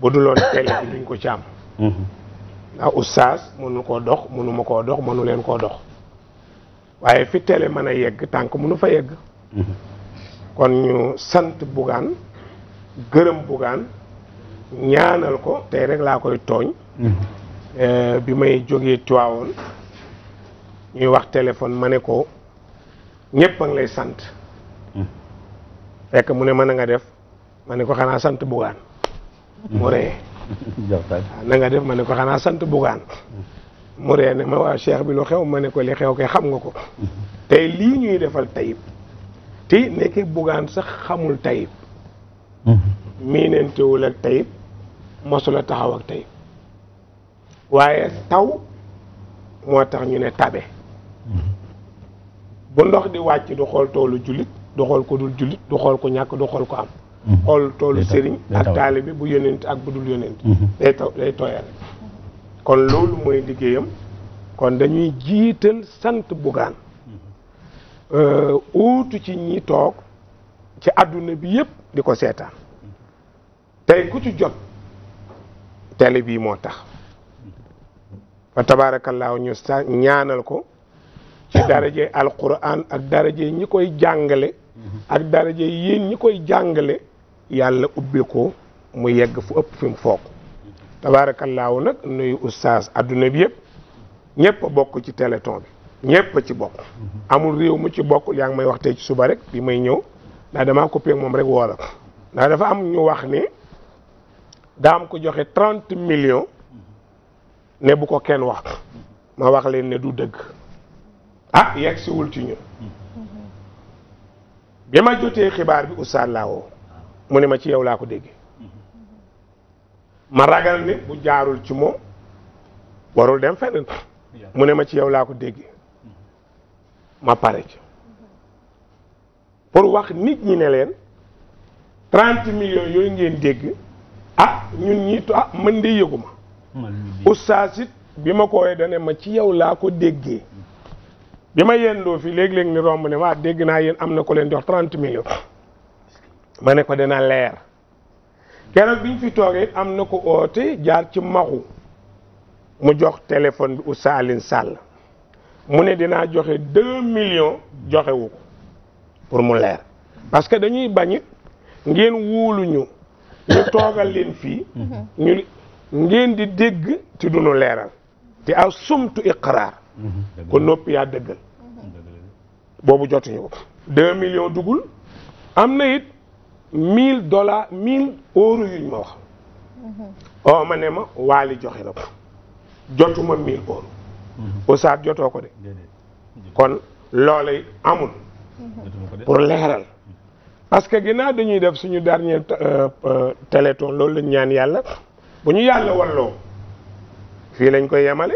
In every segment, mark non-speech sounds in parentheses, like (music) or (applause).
bu duloon télé bi duñ ko ci am ndax oustaz mënu koo dox mënuma koo dox mënu leen koo dox waaye fi télé mën a yegg tànk mënu fa yegg kon ñu sant Bougane gërëm Bougane ñaanal ko tey rek laa koy tooñ euh, bi may jógee Tiwaawoon ñuy wax téléphone ma ne ko ñëpp ngi lay sant fekk mu ne mën a nga def ma ne ko xanaa sant Bougane mu ree ah, na nga def ma ne ko xanaa sant bugaan mu ree ne ma waa cheikh bi lu xew ma ne ko li xew kay xam nga ko tey lii ñuy defal tayib te nekk bugaan sax xamul tayib miinentewul ak tayib mosula taxaw ak tayib waaye taw moo tax ñu ne tabe bu ndox di wàcc du xool toolu jullit du xool ko dul jullit du xool ko ñàkk du xool ko am Mhm. xool toolu sëriñ ak taalibe bu yonent ak bu dul yonent mhm. day taw day tooyal kon loolu mooy liggéeyam kon dañuy jiital sant Bougane mhm. euh, uutu ci ñi toog ci àdduna bi yëpp di ko seetaan tey ku ci jot télé bii moo tax fa tabaarakallaahu ñu sa ñaanal ko ci daraje alquran ak daraje ñi koy jàngale ak daraje yéen ñi koy jàngale yàlla ubbi ko mu yegg fu ëpp fi mu foog tabaarakallaahu nag nuyu ustaas adduna bi yëpp ñëpp bokk ci téléthon bi ñëpp ci bokk amul réew mu ci bokk yaa ngi may wax tey ci suba rek bi may ñëw ndax damaa coupé moom rek woola ndax dafa am ñu wax ni daa ko joxe trente millions ne bu ko kenn wax ma wax leen ne du dëgg ah yegg siwul ci ñun mm-hmm. bi ma jotee xibaar bi ustaas mu ne ma ci yow laa ko déggee ma ragal ne bu jaarul ci moom warul dem feneen mu ne ma ci yow laa ko déggee ma pare ci pour wax nit ñi ne leen trente millions yooyu ngeen dégg ah ñun ñii ah mën de yëguma ustaas it bi ma ko woowee dane ma ci yow laa ko déggee bi ma yendoo fi léeg-léeg ni romb ne waa dégg naa yéen am na ko leen jox trente millions ma ne ko dina leer keroog biñ fi toogee am na ko oote jaar ci maxu mu jox téléphone bi Oustaz sàll Sall mu ne dina joxe deux millions joxewu ko pour mu leer parce que dañuy bañ ngeen wuuluñu ñu toogal leen fii mhm. ñu ngeen di dégg ci duñu leeral te aw sumtu iqraar ko mhm. noppi yaa dëggal mhm. boobu jotuñu ko deux millions dugul am na it mille dollars mille euros yu ñu ma wax. Mhm. oo oh, ma ne ma waali joxe na ko jotuma mille euros. Mhm. Oustaz jotoo ko de. kon loolay amul. Mhm. pour leeral. parce que ginnaaw dañuy def suñu dernier euh, euh, téléthon loolu lañ ñaan yàlla bu ñu yàlla walloo fii lañ ko yemale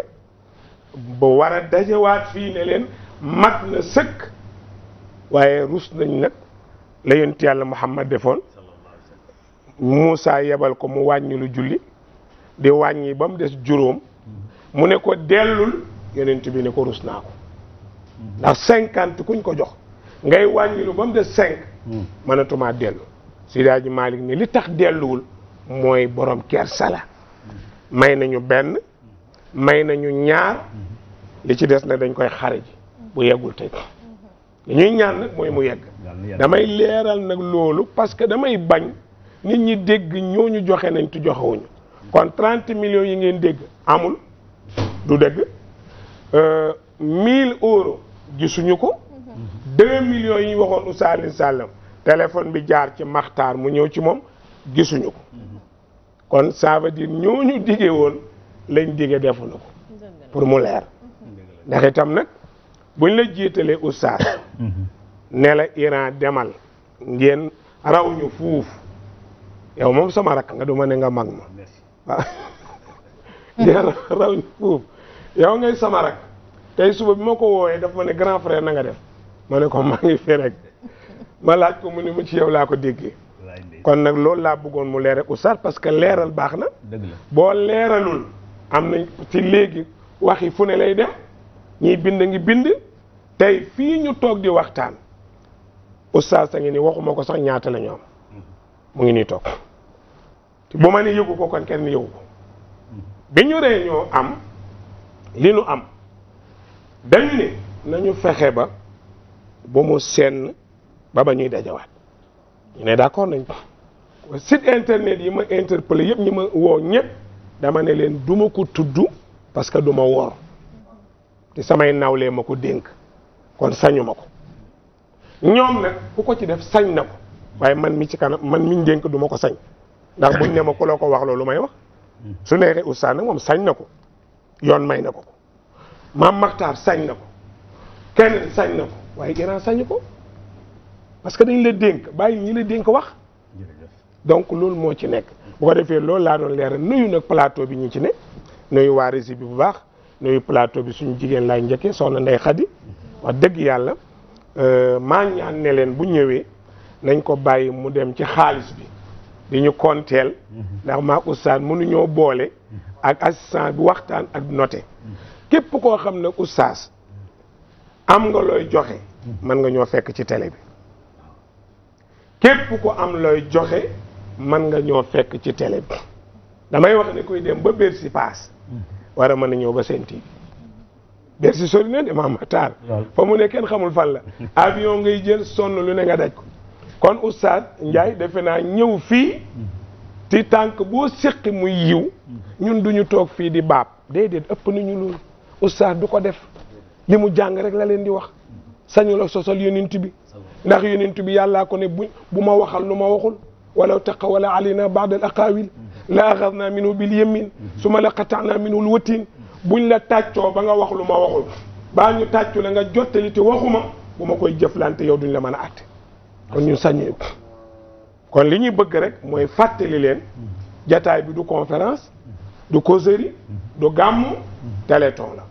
ba war a dajewaat fii ne leen mat na sëkk waaye rus nañ nag. la yonent yàlla Muhammad defoon Moussa yebal ko mu wàññilu lu julli di wàññi ba mu des juróom mu ne ko dellul yonent bi ne ko rus naa ko ndax cinquante kuñ ko jox ngay wàññilu lu ba mu des cinq mënatumaa dellu Sidaaji Malick ne li tax delluwul mooy borom kersa la may nañu benn may nañu ñaar li ci des na dañ koy xare ji bu yeggul tey ñuy ñaan nag mooy mu yegg damay leeral nag loolu parce que damay bañ nit ñi dégg ñu joxe nañ tu joxewuñu kon 30 millions yi ngeen dégg amul du dégg 1000 euh, euros gisuñu ko 2 millions yi ñu waxoon Ousseynou Sallam téléphone bi jaar ci Maxtaar mu ñëw ci moom gisuñu ko kon ça veut dire ñooñu digee woon lañ digee defuñu ko pour mu leer ndax itam nag buñ la jiitalee oustaz ne la Iran demal ngeen raw ñu fuuf yow moom sama rakk nga duma ne nga mag ma waaw (laughs) ngay sama rakk tey suba bi ma ko wooyee daf ma ne grand frère na nga def ma ne ko maa ngi fi rek ma laaj ko mu ne mu ci yow laa ko déggee kon nag loolu laa bëggoon mu leer ak oustaz parce que leeral baax na boo leeralul am na ci léegi wax yi fu ne lay dem ñiy bind ngi bind tey fii ñu toog di waxtaan oustaz a ngi ni waxuma ko sax ñaata la am mu ngi nii toog bu ma ni yëgu ko kon kenn yëgu ko bi ñu ree ñoo am li nu am dañu ne nañu fexe ba bu mu senn ba ba ñuy dajawaat ñu ne d'accord nañ ko site internet yi ma interpellé yëpp ñi ma woo ñëpp dama ne leen duma ko tudd parce que du ma woor samay nawlee ma ko dénk kon sañu ma ko ñoom nag ku ko ci def sañ na ko waaye man mi ci kanam man miñ dénk duma ko sañ ndax buñ ne ma ko wax loolu may wax su neexee oustaz nag moom sañ na ko yoon may na ko ko maam maxtaar sañ na ko kenn sañ na ko waaye gënaa sañu ko parce que dañ la dénk bàyyi ñu la dénk wax donc loolu moo ci nekk bu ko defee loolu laa doon leeral nuyu nag plateau bi ñu ci ne nuyu waar régie bu baax nuyu plateau bi suñu jigéen laay njëkkee soxna Ndey Xadi wax dëgg yàlla euh, maa ñaan ne leen bu ñëwee nañ ko bàyyi mu dem ci xaalis bi di ñu konteel mhm. ndax maa oustaz mënuñoo boole ak assistant bu waxtaan ak noté mhm. képp koo xam ne oustaz am nga looy joxe mhm. mën nga ñoo fekk ci tele bi képp ku am looy joxe mën nga ñoo fekk ci télé bi damay wax ne kuy dem ba Bercy paas war a mën a ñëw ba Sen TV Bercy sori na de Maam Matar fa mu ne kenn xamul fan la (laughs) avion ngay jël sonn lu ne nga daj ko kon oustaz Ndiaye defe naa ñëw fii ci mm-hmm. tànk boo séqi muy yiw mm-hmm. ñun duñu toog fii di baab déedéet ëpp nañu loolu oustaz du ko def li mu jàng rek la leen di wax mm-hmm. sañu la sosal yonent bi ndax yonent bi yàllaa ko ne bu bu ma waxal lu ma waxul walaw taqawala alayna ba'd al aqawil la axadna minhu bil yamin suma la qata'na minhu al watin buñ la tàccoo ba nga wax lu ma waxul baa ñu tàccu la nga jottali waxuma bu ma koy jëflante yow duñ la mën a àtte kon ñu sañu kon li ñuy bëgg rek mooy fàttali leen jataay bi du conférence du causerie du gàmmu téléthon la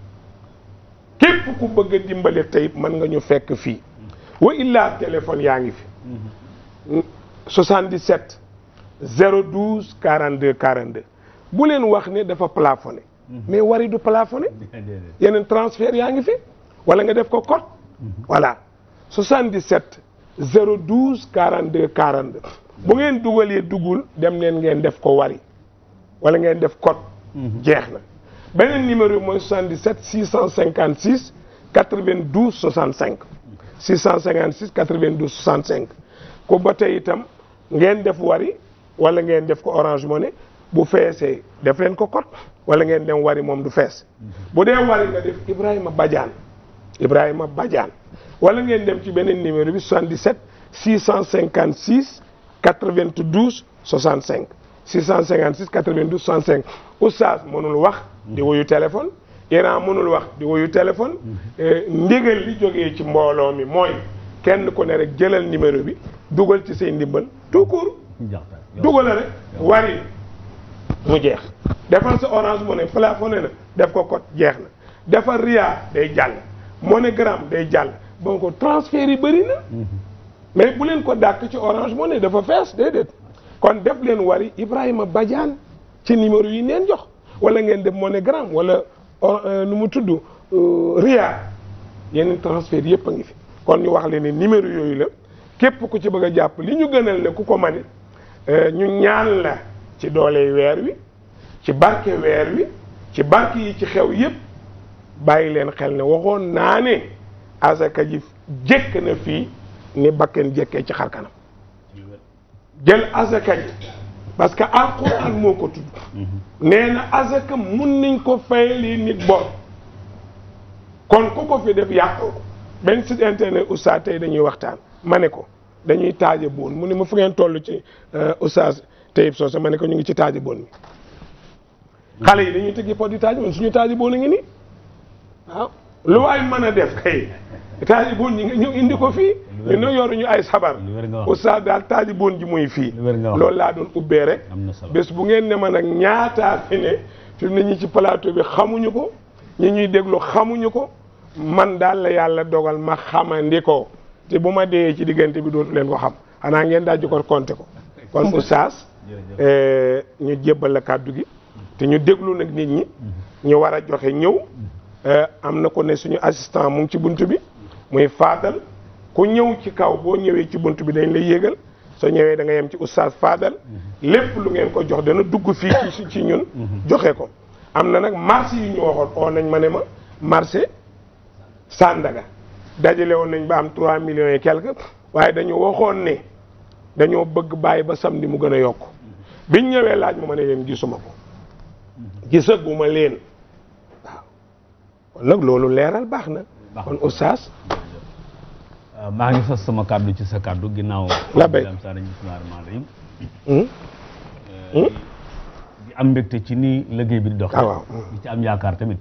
képp ku bëgg a dimbale tey mën nga ñu fekk fii wa illaa téléphone yaa ngi fi 77 012 42 42 bu leen wax ni dafa plafone mais wari du plafonné (laughs) yeneen transfert yaa ngi fi wala nga def ko code mhm. voilà 77 012 42 42 bu ngeen dugalee dugul dem leen ngeen def ko wari wala ngeen def code mhm. jeex na beneen numéro bi mooy 77 656 92 65 656 92 65 ko ba tey itam ngeen def wari wala ngeen def ko orange money bu feesee def leen ko kot wala ngeen dem wari moom du fees bu dee wari nga def Ibrahima Badiane Ibrahima Badiane wala ngeen dem ci beneen numéro bi 77 656 92 65 656 92 65 oustaz mënul wax di wuyu téléphone Iran mënul wax di wuyu téléphone euh, ndigal li jógee ci mbooloo mi mooy kenn ku ne rek jëlal numéro bi dugal ci say ndimbal tout dugal rek wari mu jeex defal sa orange mu ne na def ko code jeex na defal ria day jàll MoneyGram day jàll bon ko transfert yi bëri na mais bu leen ko dàkk ci orange money dafa fees déedéet kon def leen wari Ibrahima Badiane ci numéro yi neen jox wala ngeen def MoneyGram wala euh, nu mu tudd euh, ria yeneen transfert yëpp a ngi fi kon ñu wax leen ne numéro yooyu la képp ku ci bëgg a jàpp li ñu gënal ne ku ko mane euh, ñu ñaan la ci doole weer wi ci barke weer wi ci barke yi ci xew yépp bàyyi leen xel ne waxoon naa ne asaka ji jëkk na fii ni bakken jekkee ci xarkanam kanam jël asaka ji parce que alquran moo ko tudd nee na mun nañ ko fayali nit bor kon ku ko fi def yàqoo ko benn site internet oustaz tey dañuy waxtaan ma ne ko dañuy taaje boon mu ne ma fu ngeen toll ci euh, oustaz Tayib Socé ma ne ko ñu ngi ci taaji bon bi xale yi dañuy tëggi pot di taaji bon suñu taaji bon a ngi nii waaw lu waay mën a def kay taaji bon ñi ñu indi ko fii ñu ne ñu ay sabar oustaz daal taaji bon ji muy fii loolu laa doon ubbee rek bés bu ngeen ne ma nag ñaataa fi ne fi mu ne ñi ci plateau bi xamuñu ko ñu ñuy déglu xamuñu ko man daal la yàlla dogal ma xamandi ko te bu ma dee ci diggante bi dootu leen ko xam xanaa ngeen daal di ko ko kon Euh, ñu jébbal la kàddu gi te ñu déglu nag nit ñi ñu war a joxe ñëw euh, am na ko ne suñu assistant mu ngi ci bunt bi muy faadal ku ñëw ci kaw boo ñëwee ci bunt bi dañ lay yégal soo ñëwee da nga yem ci oustaz faadal lépp lu ngeen ko jox dana dugg fii ci ñun joxe ko am na nag marché yi ñu waxoon oo nañ ma ne ma marché Sandaga dajale woon nañ ba am trois millions et quelque waaye dañu waxoon ne dañoo bëgg bàyyi ba samedi mu gën a yokk biñ ñëwee laaj ma ma ne leen gisuma ko gisaguma leen waaw kon nag loolu leeral baax na kon oustaz euh, maa ngi sas sama kàddu ci sa kàddu ginnaaw la béy sara bismillah rahmaan am mbégte ci ni liggéey bi di dox ah, waaw hmm. ci am yaakaar tamit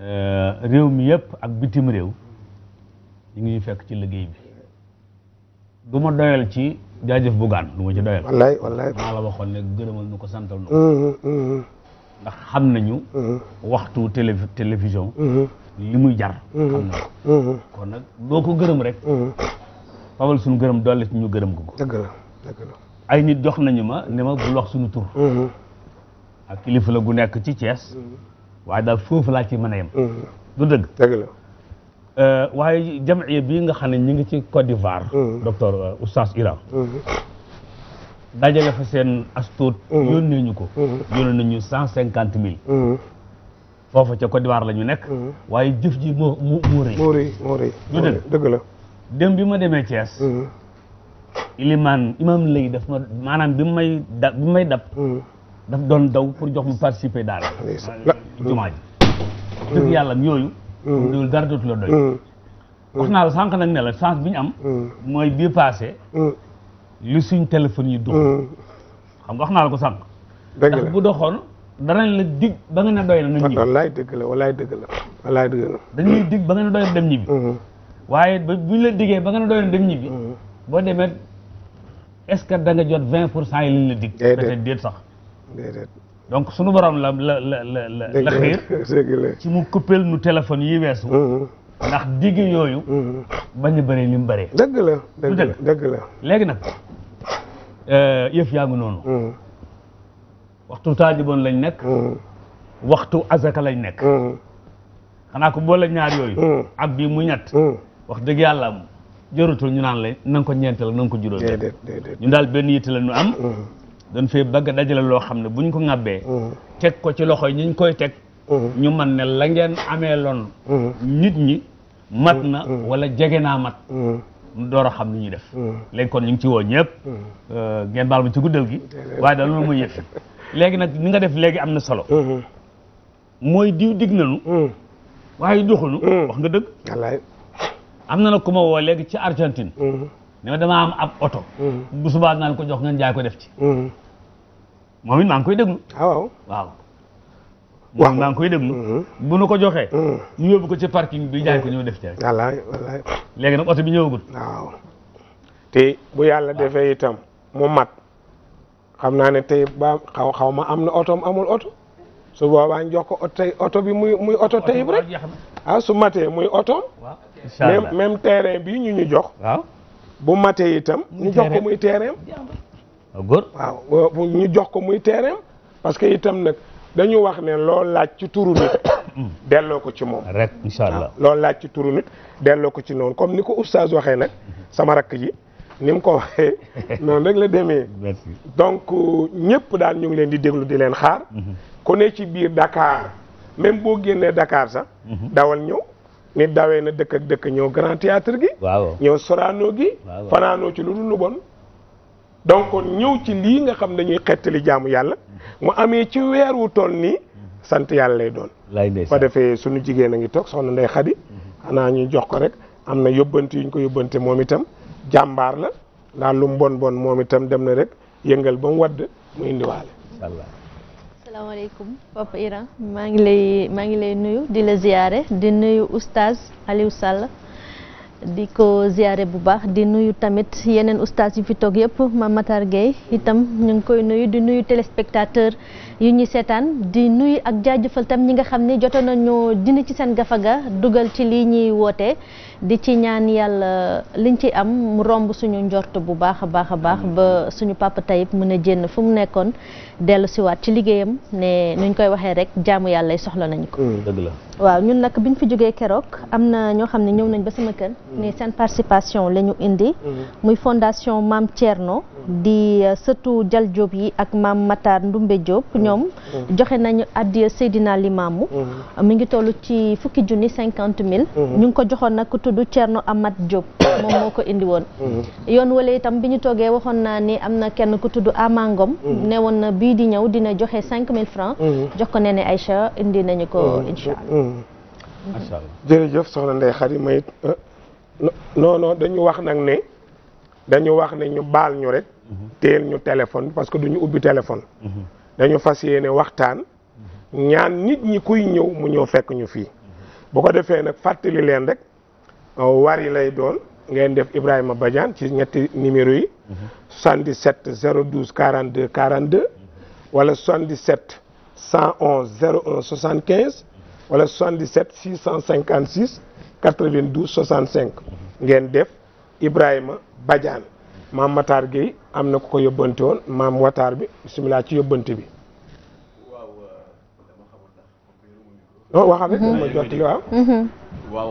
euh, réew mi yépp ak bitim réew ñu ngi fekk ci liggéey bi du doyal ci jaajëf bugaan du ma ci doyal. wallaay wallaay maa la waxoon ne gërëmal nu ko santal nu mm, mm, mm, ndax xam nañu. waxtu télé télévision. li muy jar. kon nag boo ko gërëm rek. fawal suñu gërëm dolli ñu gërëm ko. dëgg la dëgg ay nit jox nañu ma ne ma bul wax suñu tur. ak kilifa la gu nekk ci Thiès. waa daal foofu laa ci mën a yem. du dëgg Euh, waaye jamciya bii nga xam ne ñu ngi ci Côte d'Ivoire. Mm. docteur euh, oustaz Iran. Mm. dajale fa seen astuut. Mm. yónnee ñu ko. yónnee nañu cent cinquante mille. foofa ca Côte d'Ivoire la ñu nekk. waaye jëf ji moo moo moo rëy. dem bi ma demee Thiès. ilimaan imaam lay daf ma maanaam bi may da may dab. daf doon daw pour jox mu participer daal. jumaa ji dëgg yàlla yooyu. Mm. loolu dara dootu la doy. Mm. Mm. wax naa la sànq nag ne la chance bi ñu am. mooy bii passé. suñ téléphone yi dox. xam wax naa la ko sànq. dëgg la bu doxoon danañ la dig ba nga ne doy na nañ ñibbi. wallaay dëgg la wallaay dëgg la wallaay dëgg la. ba nga ne dem ñibbi. Mm-hmm. waaye ba bu ñu la diggee ba nga ne doy na dem ñibbi. Mm-hmm. boo demee est-ce que da jot vingt pour cent yi ñu la dig. déedéet déet sax. donc sunu borom la la la la la xiir (laughs) ci mu kuppeel nu téléphone yi weesu ndax digg yooyu bañ a bëri li mu bëree dëgg la dëgg la dëgg la léegi nag euh, yëf yaa ngi noonu waxtu taajiboon lañ nekk waxtu azaka lañ nekk xanaa ko boole ñaar yooyu ak bii muy ñett wax dëgg yàlla am jërutul ñu naan la na nga ko ñeenteel na nga ko juróom ñu daal benn yitte la ñu am dañ fee bëgg dajale loo xam ne bu ñu ko ŋàbbee mm-hmm. teg ko ci loxo yi ñu koy teg mm-hmm. ñu man ne la ngeen amee loon mm-hmm. nit ñi mat na wala jege naa mat door a xam ni ñuy def léegi kon ñu ngi ci woo ñëpp euh, ngeen baal ma ci guddal gi waaye daal loolu mooy yëf (laughs) léegi nag ni nga def léegi am na solo mooy diw dig nanu waaye doxunu wax nga dëgg am na nag ku ma woo léegi ci Argentine ne ma damaa am ab oto. Mm-hmm. bu subaa naan ko jox ngeen jaay ko def ci. Mm-hmm. moom it maa ngi koy déglu. Ah, waaw waaw. moom maa ngi koy mm-hmm. bu nu ko joxee. ñu yóbbu ko ci parking bi jaay ko ñëw def ci rek. wallaay léegi nag oto bi ñëwagul. waaw te bu yàlla defee itam mu mat xam naa ne tey ba xaw xaw ma am na otoom amul oto su boobaa ñu jox ko oto bi muy muy oto tey rek a ah, su matee muy oto waaw même terrain bi ñu ñu jox. waaw. bu matee itam. Ah, ñu jox ko muy teereem. waaw ñu jox ko muy teereem. parce que itam nag dañu wax ne (coughs) loo laaj ci turu nit. delloo ko ci moom. rek incha allah laaj ci turu nit. ko ci noonu comme ni ko oustaz waxee nag mhm. sama rakk ji ni mu ko waxee (laughs) noonu rek la demee. donc euh, ñëpp daal ñu ngi leen di déglu di leen xaar. Mhm. ku ne ci biir Dakar même boo génnee dakaar sax. Mhm. dawal ñëw. nit dawee na dëkk ak dëkk ñëw grand théâtre gi waaw ñëw soraanoo gi fanaanoo ci lu dul lu bon donc ñëw ci lii nga xam dañuy xettali jaamu yàlla mu amee ci weer wu toll nii sant yàlla lay doon ba defee suñu jigéen a ngi toog soxna Ndey Xadi xanaa ñu jox ko rek am na yóbbante yuñ ko yóbbante moom itam jàmbaar la ndax lu mu bon bon moom itam dem na rek yëngal ba mu wadd mu indiwaale asalaamaaleykum Papa Iran maa ngi lay maa ngi lay nuyu di la ziyaare di nuyu oustaz Aliou di ko ziyaare bu baax di nuyu tamit yeneen oustaz yu fi toog yëpp ma Matar Gueye itam ñu ngi koy nuyu di nuyu téléspectateur yu ñuy seetaan di nuyu ak jaajëfal tam ñi nga xam ne jotoon nañu dina ci seen gafaga dugal ci lii ñuy woote di ci ñaan yàlla liñ ci am mu romb suñu njort bu baax a baax a baax ba suñu papa Tayib mën a jénn fu mu nekkoon dellu siwaat ci liggéeyam ne nuñ koy waxee rek jaamu yàlla soxla nañ ko mm. dëgg la waaw ñun nag biñ fi jógee keroog am na ñoo xam ne ñëw nañ ba sama kër mm. ne seen participation la ñu indi mm. muy fondation Maam Thierno di euh, surtout Jal Diop yi ak Maam Matar Ndumbe Diop ñoom joxe nañu addiya Seydina Limaamu mi ngi toll ci fukki junni cinquante mille ñu ngi ko joxoon nag du Thierno Amath Diop (coughs) moom moo ko indi woon mm-hmm. yoon wala itam bi ñu toogee waxoon naa ni am na kenn ku tudd Amangom mm-hmm. ne woon na bii di ñëw dina joxe cinq mille francs mm-hmm. jox ko Néné Aïcha indi nañu ko incha allah jërëjëf soxna Ndeye Khady may euh, non dañu wax nag ne dañu wax ne ñu baal ñu rek teel ñu téléphone parce que duñu ubbi téléphone dañu fas yéene waxtaan ñaan nit ñi kuy ñëw mu ñëw fekk ñu fii bu ko defee nag fàttali leen rek yi lay doon ngeen def Ibrahima Badiane ci ñetti numéro yi 77 012 42 42 wala 77 111 01 75 wala 77 656 92 65 ngeen def Ibrahima Badiane maam Matar Gueye am na ku ko yóbbante woon maam Watar bi bisimilah ci yóbbante bi. waaw euh, oh, waxal rek ma jottali waaw. waaw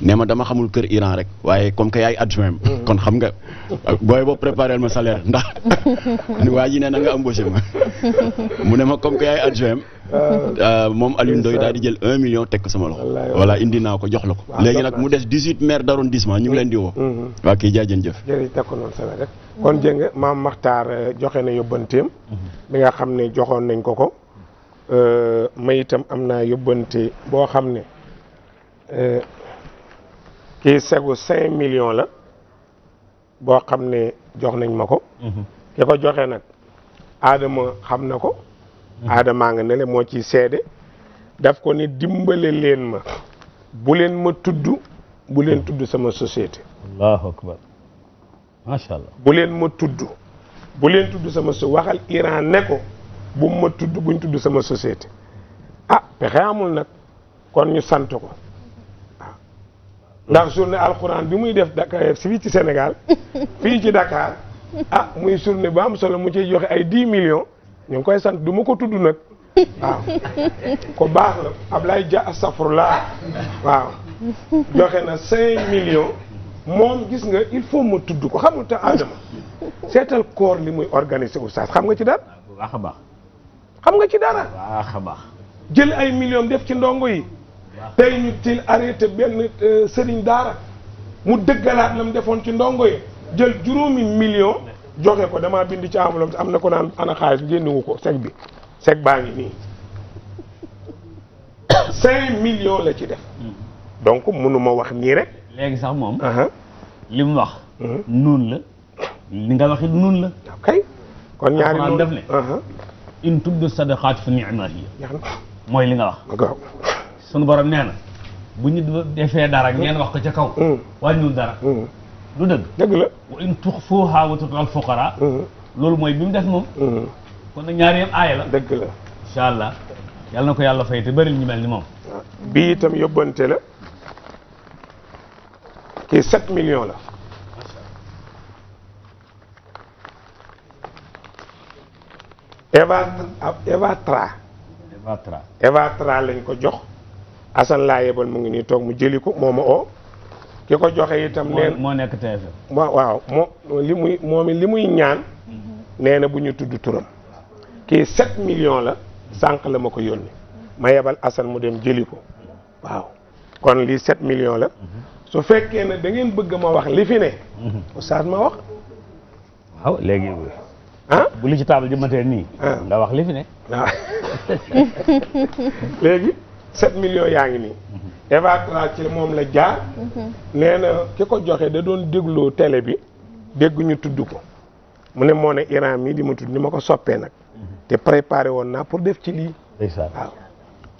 nee ma dama xamul kër Iran rek waaye comme que yaay adjoint mm-hmm. kon xam nga booy boo préparé ma salaire ndax (laughs) waa ji nee na nga embauché ma (laughs) mu ne ma comme que yaay adjoint ah. euh, moom Aliou Ndoye daal di jël un million tek ko sama loxo voilà indi naa ko jox la ko léegi nag mu des dix-huit maires d'arrondissement ñu ngi leen di woo mm-hmm. waa kii jaajën jëf jërëjëf teg ko kon jëng maam Maxtaar euh, joxe na yóbbanteem mm-hmm. bi nga xam ne joxoon nañ ko ko euh, may itam am naa yóbbante boo xam ne kii segu cinq millions la boo xam ne jox nañ ma ko mhm. ki ko joxe nag aadama xam na ko aadamaa mhm. nga ne le moo ci seede daf ko ni dimbale leen ma bu leen ma tudd bu leen tudd sama societé allahu akbar bu leen ma tudd bu leen tudd sama so waxal Iran ko bu tudd buñ tudd sama société ah pexe amul nag kon ñu sant ko ndax journée alxuraan bi muy def Dakar fii ci Sénégal (laughs) fii ci Dakar ah muy journée bu am solo mu ciy joxe ay dix millions ñu ngi koy sant du ma ko tudd nag (laughs) ko baax la Ablaye safur la waaw joxe na cinq millions moom gis nga il faut ma tudd ko xamul te Adama (laughs) seetal koor li muy organiser oustaz xam nga ci dara. a baax. xam nga ci dara. jël ay million def ci ndongo yi. tey ñu til arrêté benn euh, sëriñ daara mu dëggalaat la mu defoon ci ndongo yi jël juróomi million joxe ko damaa bind ci enveloppe am na ko naan ana xaalis génnewu ko sec bi sec baa ngi nii (coughs) cinq millions la ci def hmm. donc mënuma wax nii rek léegi sax moom li wax hmm. noonu la li nga waxit noonu la kon ñaari noonu def ne in tubdu sadaqaat fa ni'ma hiya mooy li nga wax sunu borom nee na bu ñu defee dara ngeen wax ko ca kaw. Mm. wàññiwul dara. Mm. du dëgg. dëgg la wa in tuxfuuhaa wa tu'tul fuqaraa. Mm. loolu mooy bi mu def moom. kon nag ñaari yëpp la. dëgg la incha allah yal na ko yàlla fay te bëri ñu mel ni moom. bii itam yóbbante la kii 7 millions la. Evatra Evatra. Evatra lañ ko jox. Assane laa yebal mu ngi nii toog mu jëli ko moo ma oo ki ko joxe itam. nee moo nekk TFM. waaw moo li muy moom li muy ñaan. Mm-hmm. nee na bu ñu tudd turam. kii 7 millions la sànq la ma ko yónni ma yebal Assane mu dem jëli ko waaw kon lii 7 millions la. Mm-hmm. su fekkee ne da ngeen bëgg ma wax li fi ne. Mm-hmm. oustaz ma wax. waaw léegi. ah bu li ci ah. (laughs) léegi. 7 millions yaa ngi nii. Mm-hmm. Eva Traoré moom la jaar. Mm-hmm. nee na ki ko joxe da doon déglu télé bi dégg ñu tudd ko mu ne moone ne Iran mii di ma tudd ni ma ko soppee nag. Mm-hmm. te préparé woon naa pour def ci lii.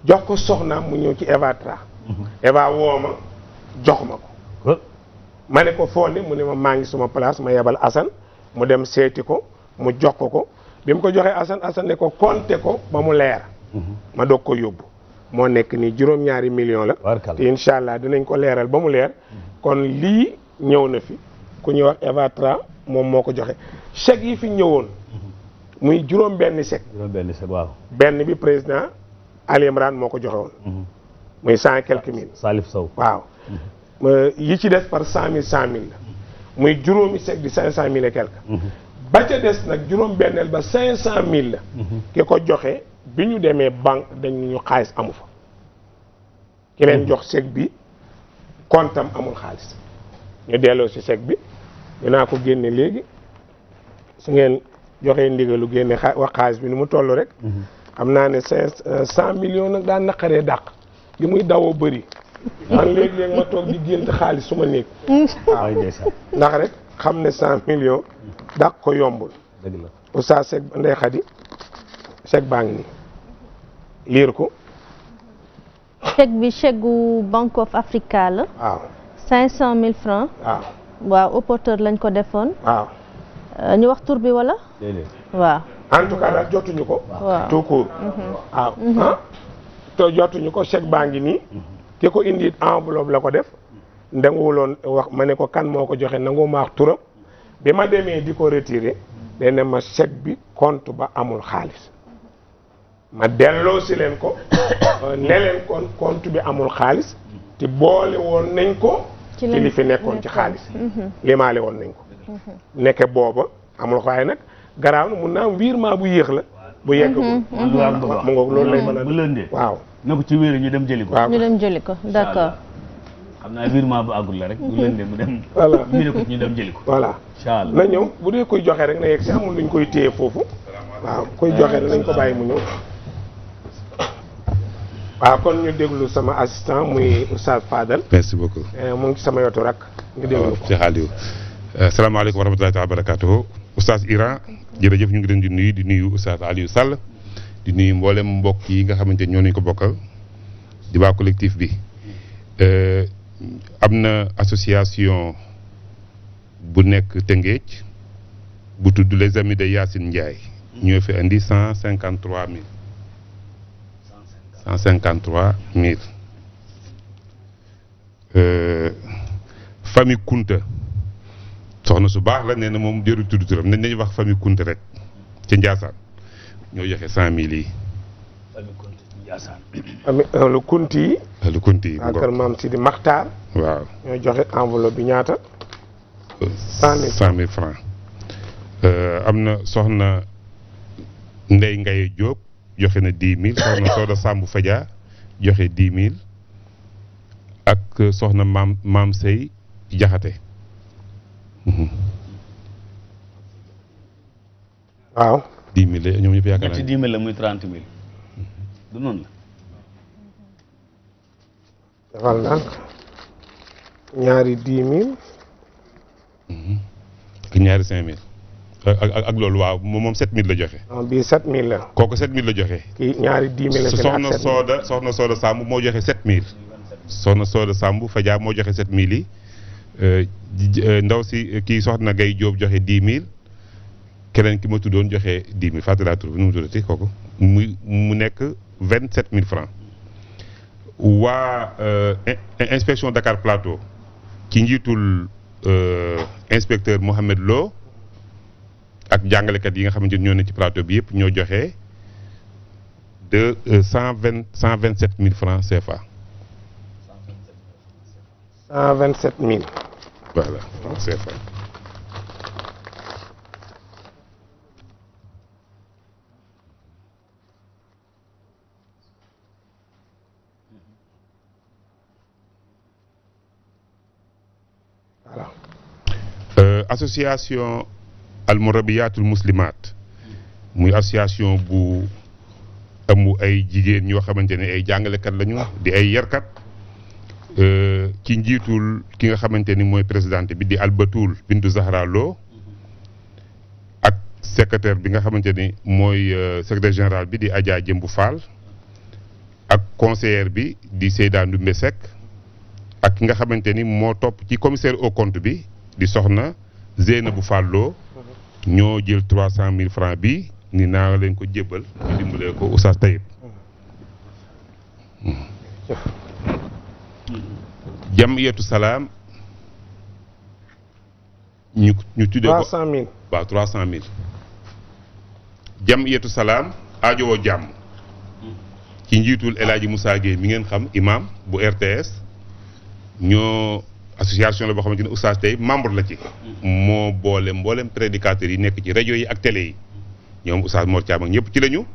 jox ko soxna mu ñëw ci Eva Tra. Eva woo ma jox ma ko. ma ne ko foo mu ne ma maa ngi suma place ma yebal Assane mu dem seeti ko mu jox ko ko bi mu ko joxee Assane Assane ne ko compter ko ba mu leer. ma dog ko yóbbu. moo nekk nii juróom-ñaari million la te incha allah dinañ ko leeral ba mu leer kon lii ñëw na fi ku ñuy wax Evatra moom moo ko joxe chèque yi fi ñëwoon muy juróom benn chèque benn chèque benn bi président Ali Imran moo ko joxe woon mhm. muy cent quelques mille Salif Sow waaw mhm. euh, yi ci des par cent mille cent mille la muy juróomi chèque di cinq cent mille et quelque mhm. ba ca des nag juróom benneel ba cinq cent mille la ki ko joxe bi ñu demee banque dañu xaalis amu fa ki leen mhm. jox chèque bi kontam amul xaalis ñu delloo si chèque bi dinaa ko génne léegi su ngeen joxee ndigalu génne wax xaalis bi ni mu toll rek mhm. xam naa ne cinq euh, cent millions nag daan naqaree dàq li muy dawoo bëri man léeg-léeg ma toog di gént xaalis su ma néeg (laughs) waaw ndax rek xam ne cent millions dàq ko yombul dëgg la oustaz Seck Ndeye Khady baa ngi nii liir ko. chèque bi chèque gu Bank of Africa la. waaw cinq cent mille francs. lañ ko defoon. Euh, ñu wax tur bi wala. déedéet waaw. en tout cas daal jotuñu ko. waaw mhm. mhm. ah? jotuñu ko chèque baa ngi nii. Mhm. ki ko indi enveloppe la ko def. ndanguwuloon wax ma ne ko kan moo ko joxe nangu ma wax turam. bi ma demee di ko retirer. day ne ma chèque bi compte ba amul xaalis. ma delloo si leen ko (coughs) ne leen kon compte bi amul xaalis te boole woon nañ ko ci li fi nekkoon ci xaalis mhm. limaale woon nañ ko mhm. nekke booba amul waaye nag garaaw na mun naa am virement bu yéex la bu yegg mhm. mu ngoog loolu lay mën a bu lëndee waaw na ko ci wéer ñu dem jëli ko ñu dem jëli ko d'accord xam naa virement bu àggul la rek bu lëndee mu dem voilà (laughs) ñu dem jëli ko voilà incha allah ñëw bu dee koy joxe rek na yegg si amul luñ koy téye foofu waaw koy joxe rek nañ ko bàyyi mu ñëw waaw kon ñu déglu sama assistant muy Oustaz Fadal. merci beaucoup eh, mu ngi sama yotu rak. ñu déglu ko oh, Cheikh Aliou. Eh, salaamaaleykum wa rahmatulahi taala jërëjëf ñu ngi dem di nuyu di nuyu Oustaz Sall. di nuy mboolem mbokk yi nga xamante ñoo ni ko bokkal di waa collectif bi eh, am na association bu nekk Tëngéej bu tudd les amis de Yacine Ndiaye. ñoo fi indi cent cinquante trois cent cinquante trois mille euh, famille Kunta soxna su baax la nee na moom jëru tudd turam nañ nañu wax famille Kunta rek ci Ndiassane ñoo joxe cent mil yi. famille Kunta ci yi. lu Kunta yi mu kër maam Sidi Maxtaar. waaw cent mille francs euh, am na soxna Ndey Ngaye Diop. joxe na dix mille (coughs) soxna Soda Samb Fadia joxe dix mille ak euh, soxna maam maam Sey Jaxate mhm. waaw. mille ñoom ñëpp yaakaar naa ne dix mille la muy trente ñaari dix mille. Mhm. ak ñaari cinq mille. ak ak loolu waaw moom 7000 la joxe. moom bii 7000 la. kooku 7000 la joxe. ñaari 10 000 la soxna Sooda soxna Sooda Samb moo joxe 7000. soxna Sooda Samb Fadia moo joxe 7000 yi eh, eh, ndaw si eh, kii soxna Gaye joob joxe 10 mille keneen ki ma tuddoon joxe 10 000 fàttali laa tur bi kooku muy mu nekk 27000 francs waa inspection Dakar Plateau ci njiitul inspecteur Mouhamed Lo. ak jàngalekat yi nga xamante ni ñoo ci plateau bi yëpp ñoo joxe de euh, cent vingt cent vingt sept mille francs CFA. cent vingt sept mille. voilà francs CFA. voilà. Euh, association. almurabiyatul muslimaat muy association bu ëmb ay jigéen ñoo xamante ne ay jàngalekat lañu di ay yarkat euh, ci njiitul ki nga xamante ni mooy présidente bi di Albatul Bintu Zahra Lo ak secretaire bi nga xamante ni mooy euh, secrétaire général bi di Adja Jëmbu Fall ak conseillère bi di Seyda Ndumbe Seck ak ki nga xamante ni moo topp ci commissaire au compte bi di soxna Zeynabu Fàlloo ñoo jël trois cent mille francs bi ni naa leen ko jébbal ñu dimbalee ko Oustaz Tayib jamiyatu salaam ñu tuddee ko 300000 waaw 300000 jamiyatu salaam aajowoo jàmm ci njiitul El Hadji Moussa mi ngeen xam imam bu RTS ñoo association la boo xamante ne oustaz tey membre la ci. moo boole mboolem prédicateurs yi nekk ci rajo yi ak télé yi. ñoom oustaz Mor Thiam ak ñëpp ci lañu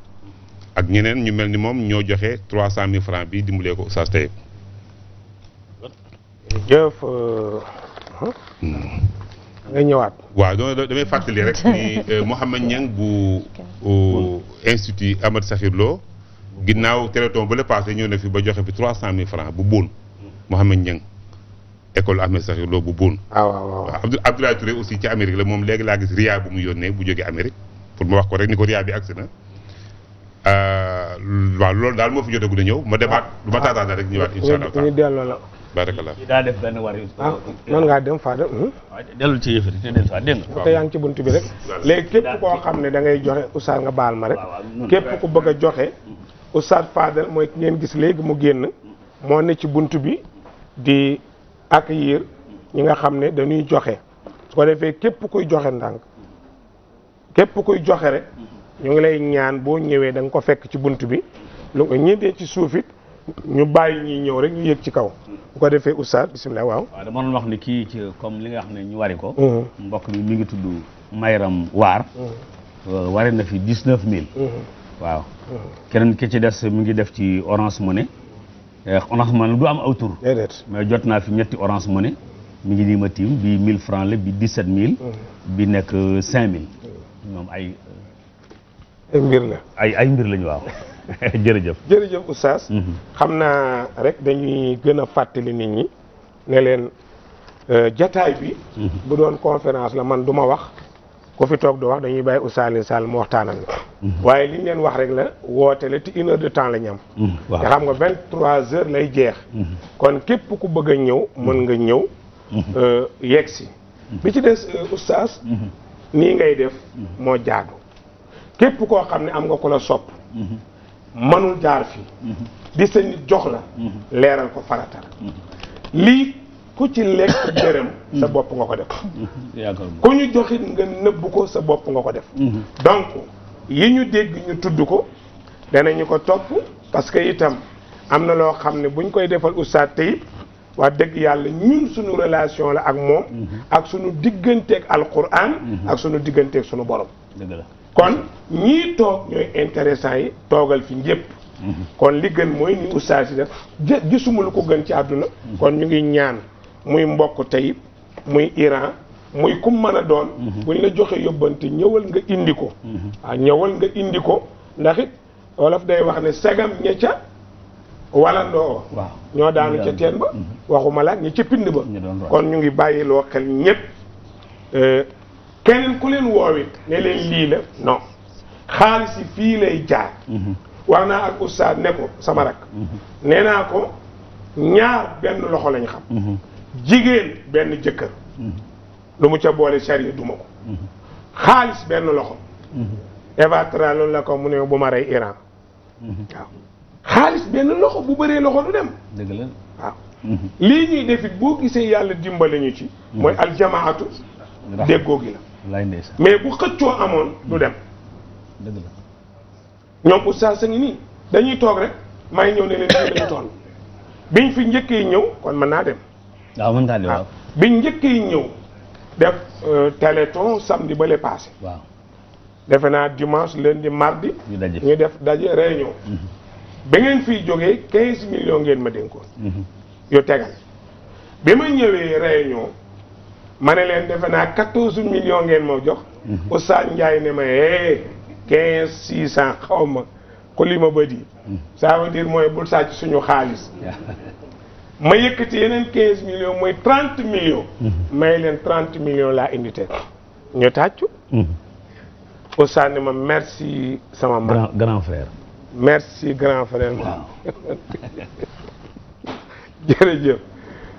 ak ñeneen ñu mel ni moom ñoo joxe 300000 francs bi dimbalee ko oustaz tey. waa euh, hmm. nga ñëwaat. waaw donc damay fàttali rek ni euh, Mouhamed bu institut Ahmed Sakhir Lo ginnaaw téléthon ba la passé ñëw na fi ba joxe fi 300000 francs bu bóon Mouhamed Niang. école administration loo bu buun ah, waaw waaw Abdou Abdoulaye Touré aussi ci Amérique la moom léegi laa gis RIA bu mu yónnee bu jógee Amérique pour ma wax ko rek ni ko RIA bi agsi na euh, loolu daal moo fi jot a gën ñëw ma demaat du ah. ma taataan rek ñëwaat ah. incha la barakallah daa def benn war ah dem fa hmm? dégg nga te yaa ngi ci bunt bi rek léegi xam ne da ngay joxe oustaz nga baal ma bëgg a joxe oustaz Fadel mooy ngeen gis léegi mu génn moo ne ci bunt bi di ak accueillir ñi nga xam ne dañuy joxe su ko defee képp kuy joxe ndànk képp kuy joxe rek ñu ngi lay ñaan boo ñëwee danga ko fekk ci bunt bi lu nga ñeentee ci suufit ñu bàyyi ñuy ñëw rek ñu yëg ci kaw bu ko defee oustaz bisimilah waaw waaw dama doon wax ni kii ci comme li nga xam ne ñu wari ko mm-hmm. mbokk mi mi ngi tudd Mayram Waar mm-hmm. euh, wari na fi dix-neuf mille mm-hmm. ki ci des mi ngi def ci Orange Money Eh, orange money du am aw tur mais jot naa fi ñetti orange money mi ngi nii ma tiim bi 1000 francs la bi 17000 mm. bi nekk 5000 euh, ñoom ay ay mbir la ay ay mbir lañu waaw (laughs) jërëjëf jërëjëf oustaz mm-hmm. xam naa rek dañuy gën a fàttali nit ñi ne leen euh, jataay bi mm-hmm. bu doon conférence la man du ma wax ku fi toog du wax dañuy bàyyi Oustaz Alioune Sall mu waxtaanal la mhm. waaye li leen wax rek la woote la te une heure de temps la ñu am mhm, te xam nga vingt trois heures lay jeex mhm. kon képp ku bëgg a ñëw mën nga ñëw euh, yegg si bi ci des euh, Oustaz nii ngay def moo jaadu képp koo xam ne am nga ku la sopp manul jaar fi di sa nit jox la leeral ko farata lii ku ci lekk dërëm sa bopp nga ko def (laughs) ku ñu joxit nga nëbb ko sa bopp nga ko def mhm. donc yi ñu dégg ñu tudd ko ñu ko topp parce que itam am na loo xam ne bu buñ koy defal oustaz Taib waa dëgg yàlla ñun suñu relation la ak moom mhm. ak suñu digganteeg alquran mhm. ak suñu digganteeg suñu borom kon ñii toog ñooy intéressant yi toogal fi ñëpp kon li gën mooy ni oustaz yi def gisuma lu ko gën ci àdduna kon ñu ngi ñaan muy mbokk tey muy Iran muy kum mën a doon. Mhm. buñ la joxe yóbbante ñëwal nga indi ko. Mhm. Ah, ñëwal nga indi ko ndax olof day wax ne segam ña ca walandoo. waaw ñoo daanu ca teen ba. Mhm. waxuma la ña ca pind ba. kon ñu ngi bàyyi loo xel ñëpp. Euh, keneen ku leen woowit ne leen lii la non xaalis yi fii lay jaar. wax naa ak oustaz ne sama rak nee naa ko ñaar benn loxo lañ xam. jigéen benn jëkkër mm-hmm. lu mu ca boole sariya duma ko mm-hmm. xaalis benn loxo mm-hmm. Eva Tra loolu la ko mu ne bu ma rey Iran waaw xaalis benn loxo bu bëree loxo du dem dëgg lii ñuy def boo gisee yàlla dimbali ñu ci mooy aljamaatu déggoo gi la mais bu xëccoo amoon du dem dëgg la sa ngi nii dañuy toog rek may ñëw ne leen lañu toll biñ fi njëkkee ñëw kon mën naa dem waaw mën naa ah, waaw biñ njëkk yi ñëw def euh, téléthon samedi ba le passé. waaw defe naa dimanche lundi mardi. ñu def daje réunion. Mhm. ba ngeen fi jógee 15 ngeen ma dénkoon. Mhm. yu tegal bi ma ñëwee réunion ma ne leen defe naa 14 millions ngeen ma jox. Mhm. Oustaz Ndiaye ne ma eh 15 600 xaw ma ko li ma bëri. ça dire mooy bul sàcc suñu xaalis. (laughs) ma yëkkati yeneen 15 millions mooy 30 millions. Mhm. may leen 30 millions laa indi tey ñu tàccu. Mhm. Ousseyn ni ma merci sama ma grand grand frère. merci grand frère. waaw (laughs) jërëjëf.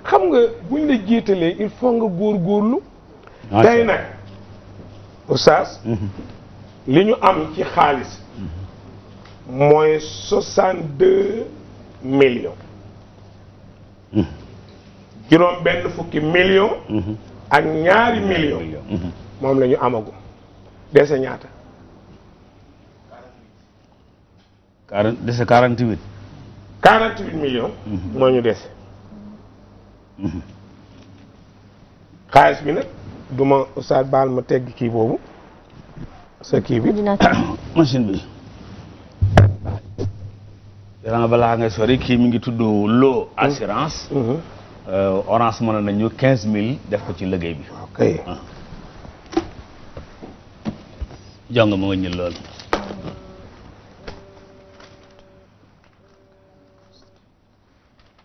xam nga buñ la jiitalee il faut nga góorgóorlu. tey nag Oustaz. Mhm. li ñu am ci xaalis. mooy 62 millions. juróom benn fukki million mhm. ak ñaari million mhm. moom la ñu amagu dese ñaata quarante dese quarante huit quarante huit million mhm. moo ñu dese xaalis bi nag du ma oustaz baal ma tegg kii boobu sa kii bi (coughs) machine bi yàlla nga balaa ngay sori kii mi ngi tudd loo mm. assurance Euh, orange mën na ñu quinze def ko ci liggéey bi. ok ah. ma nga ñu lool.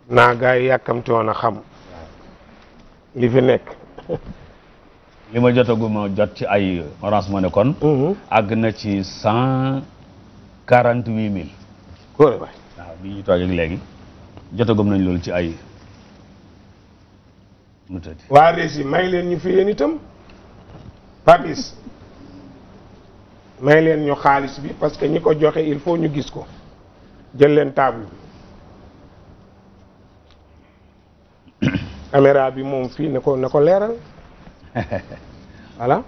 naa gaa yi yàkkamti woon a xam li fi nekk. li ma jotaguma jot ci ay orange ma ne kon. Mhm. àgg na ci cent quarante huit mille. waaw bi ñu toogee léegi jotagum nañ loolu ci ay. waa régi may leen ñu fi yéen itam papis may leen ñu xaalis bi parce que ñi ko joxe il faut ñu gis ko jël leen table bi (coughs) bi moom fii ne ko ne ko leeral (coughs) voilà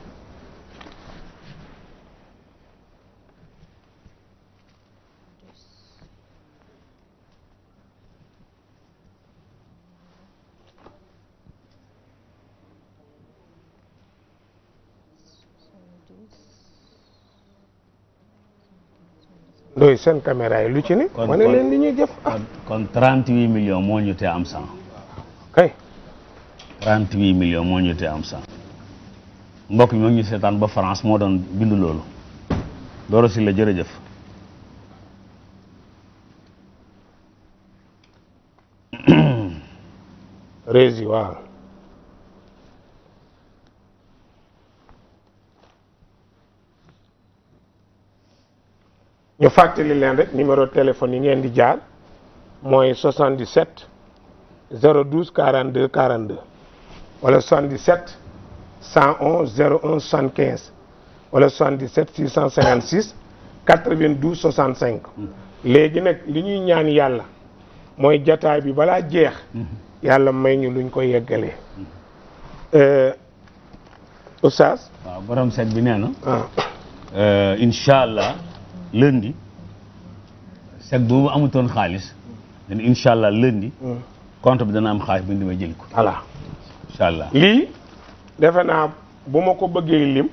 yooyu seen caméra yi lu ci ne. kon kon ma ñuy jëf ah. kon trente huit moo ñu te am cent. kay. trente moo ñu te am cent. mbokk mi ngi ñu seetaan ba France moo doon bindu loolu. Doro Sylla jërëjëf. Rési waaw. ñu fàttali leen rek numéro téléphone yi ngeen di jaar mooy 77 012 42 42 wala 77 111 01 75 wala 77 656 92 65. léegi nag li ñuy ñaan yàlla mooy jataay bi balaa jeex. yàlla may ñu lu luñ ko yeggalee. Mm-hmm. Euh, Oustaz. waaw borom set bi nee na. Ah. Euh, incha allah. lundi chèque boobu amutoon xaalis dan incha allah lundi hmm. compte bi dana am xaalis bi di ma jëli ko voilà incha allah lii defe naa bu ma ko bëggee lim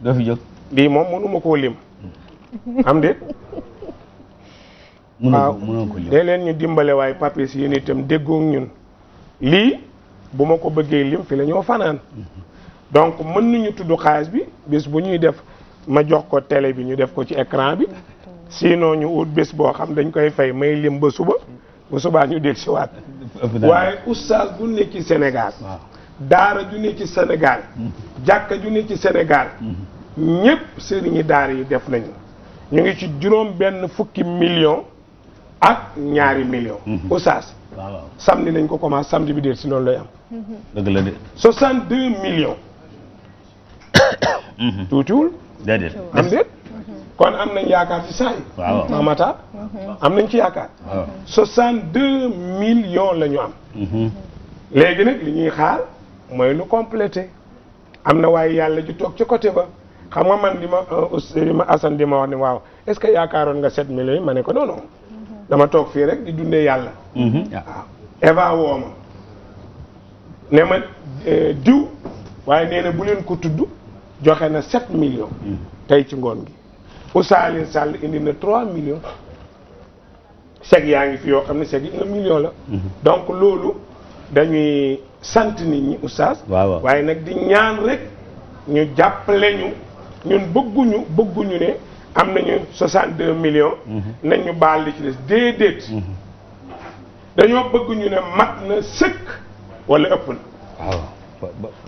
doo fi jóg lii moom mënuma koo lim hmm. am déet mënoo mënoo ko lim dee leen ñu dimbale waaye papis yéen tam déggoo ñun lii bu ma ko bëggee lim fi la fanaan hmm. donc mën nañu tudd xaalis bi bis bu ñuy def ma jox ko télé bi ñu def ko ci ecran bi sinon ñu ut bés boo xam dañ koy fay may lim ba suba bu subaa ñu del siwaat waaye oustaz bu ne ci Sénégal daara ju ne ci Sénégal mm-hmm. jàkka ju ne ci Sénégal mm-hmm. ñëpp sëriñi daara yi def nañu ñu ngi ci juróom benn fukki million ak ñaari million mm-hmm. oustaz samedi lañ ko commencé samedi bi del si noonu lay am la de soixante deux millions (coughs) tuutiwul déedéet am déet kon am nañ yaakaar ci saa yi. waaw mhm. am nañ ci yaakaar. waaw 62 millions am. Mhm. léegi nag li ñuy xaar mooy lu complété am na waaye yàlla ji toog ci côté ba xam nga man di ma euh, li ma Assane di ma wax ne waaw est-ce que yaakaaroon nga 7 millions yi ma ne ko non mhm. dama toog fii rek di dundee yàlla. waaw Eva woo ma ne ma euh, diw waaye nee na bu leen ko tudd. joxe na 7 millions. Hmm. tey ci ngoon gi Oustaz Alioune Sall indi na 3 millions. chèque yaa ngi fi yoo xam ne chèque yi 1 million la. Hmm. donc loolu dañuy sant nit ñi Oustaz. waaye nag di ñaan rek ñu jàppale ñu ñun bëgguñu bëgguñu ne am nañu 62 millions. Hmm. nañ ñu baal li ci des déedéet. dañoo bëgg ne mat na sëkk wala ëpp na.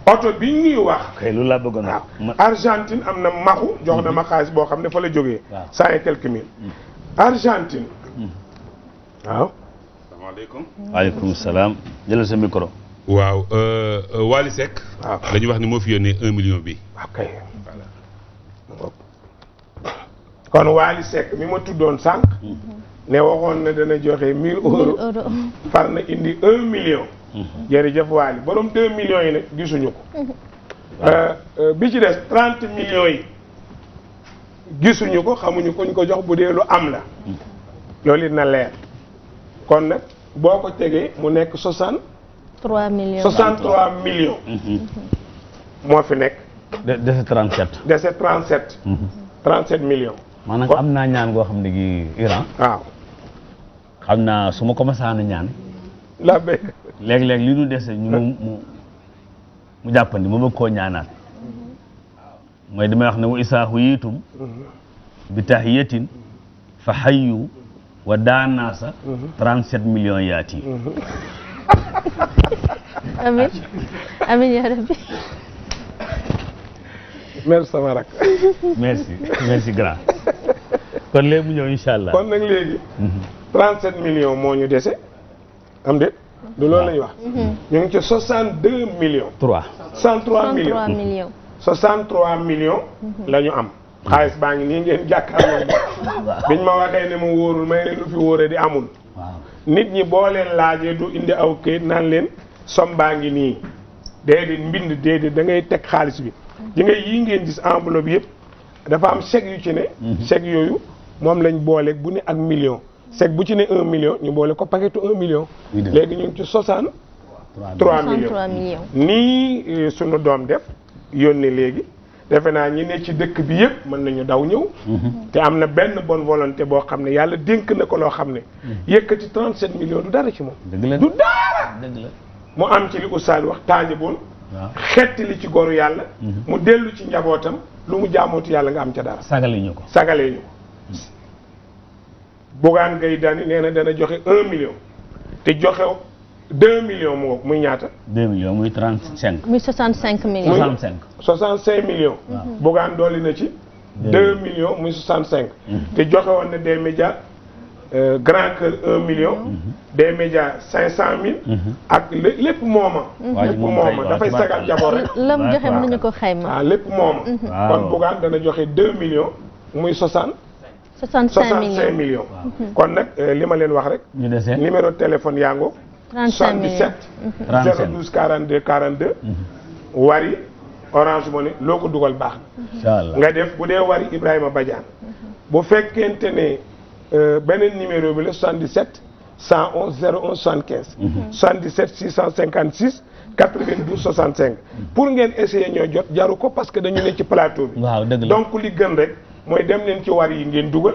oto bi ñuy wax. kay laa bëggoon a ah, Argentine am na maxu jox na mhm. xaalis boo xam ne fa la jógee. waaw cent et mille. Mhm. Argentine. Mhm. waaw. salaamaaleykum. waaleykum euh, euh, ah. wax ni moo fi yónnee un million bi. waaw kay voilà. kon Wally mi ma tuddoon sànq. ne waxoon na dana joxe mille euros. na indi un million. Mm-hmm. jërëjëf Waly borom 2 millions yi nag gisuñu ko. Mm-hmm. Euh, euh, bi ci des 30 millions yi gisuñu ko xamuñu kuñ ko jox bu dee lu am la. Mm-hmm. loolu it na leer kon nag boo ko tegee mu nekk 60. 3 millions 63 millions. moo fi nekk. de dese 37. dese 37. 37 millions. ko am naa ñaan goo xam ne gi Iran. waaw. xam naa su ma commencé ñaan. la béy. léeg-léeg li ñu dese ñu mu mu jàppandi mu bëgg koo ñaanaat mooy damay wax ne wa isaa huyitum bi tahiyatin fa hayyu wa daanaasa 37 millions yaat yi amin amin yaa rabbi merci sama rak merci grand kon léegi mu ñëw incha allah kon nag léegi moo ñu dese am de du loolu la wax. Mm-hmm. ñu ngi ci 62 millions. 3 103 millions 103 millions. 63 millions. Mm-hmm. la ñu am. xaalis baa ngi nii ngeen jàkkaarloo biñ ma waxee ne ma wóorul may ne lu fi wóoree di amul. nit ñi boo leen laajee du indi aw kayit naan leen som baa ngi nii déedéet mbind déedéet da ngay teg xaalis bi. ji nga yii ngeen gis enveloppe yëpp dafa am chèque yu ci ne. Mm-hmm. chèque yooyu moom lañ booleeg bu ne ak million. sec bu ci ne un million ñu boole ko paquetu un million. léegi ñu ngi ci soixante. trois millions nii euh, sunu doom def yónni léegi. defe naa ñi ne ci dëkk bi yëpp mën nañu daw ñëw. Mhm. te am na benn bon volonté boo xam ne yàlla dénk na ko loo xam ne. Mhm. yëkkati 37 millions du dara ci moom. dëgg la du dara. mu am ci li oustaz wax taajaboon. waaw xetti li ci goru yàlla. Mhm. mu dellu ci njabootam lu mu jaamooti yàlla nga am ca dara. sagalee ñu ko sagalee ñu ko. Bougane Gueye Dany nee dana joxe un million te joxe deux millions mu muy ñaata. deux millions muy trente cinq. muy soixante cinq millions. soixante cinq soixante cinq dolli na ci. deux millions muy soixante cinq. te joxe des médias grand cœur des médias cinq cent mille. ak lépp mooma. lépp mooma dafay sagal jaboor rek. mu joxe mënuñu ko xayma. waaw lépp mooma. kon Bougane dana joxe deux millions muy soixante. 65 millions millions. Mhm. kon nag euh, li ma leen wax rek. ñu dese numéro téléphone yaa ngo. 35 77. 37 012 42 42. wari orange money loo ko dugal baax. Mhm. incha nga def bu dee wari Ibrahima Badiane. Mhm. bu fekkente ne euh, beneen numéro bi la 77 111 01 75. 77 656. 92 65. pour ngeen essayer ñoo jot jaru ko parce que dañu ne ci plateau bi. waaw donc li gën rek. mooy dem leen ci war yi ngeen dugal